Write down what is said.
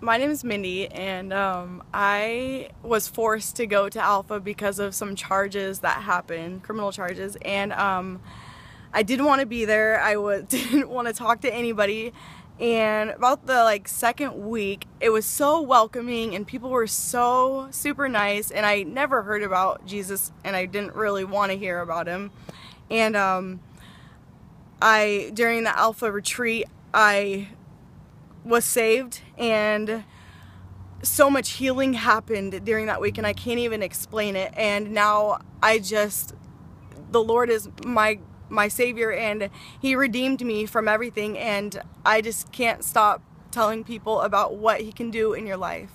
my name is Mindy, and um, I was forced to go to Alpha because of some charges that happened, criminal charges, and um, I didn't want to be there. I w- didn't want to talk to anybody. And about the like second week, it was so welcoming, and people were so super nice. And I never heard about Jesus, and I didn't really want to hear about him. And um, I during the Alpha retreat, I was saved and so much healing happened during that week and I can't even explain it and now I just the Lord is my my savior and he redeemed me from everything and I just can't stop telling people about what he can do in your life.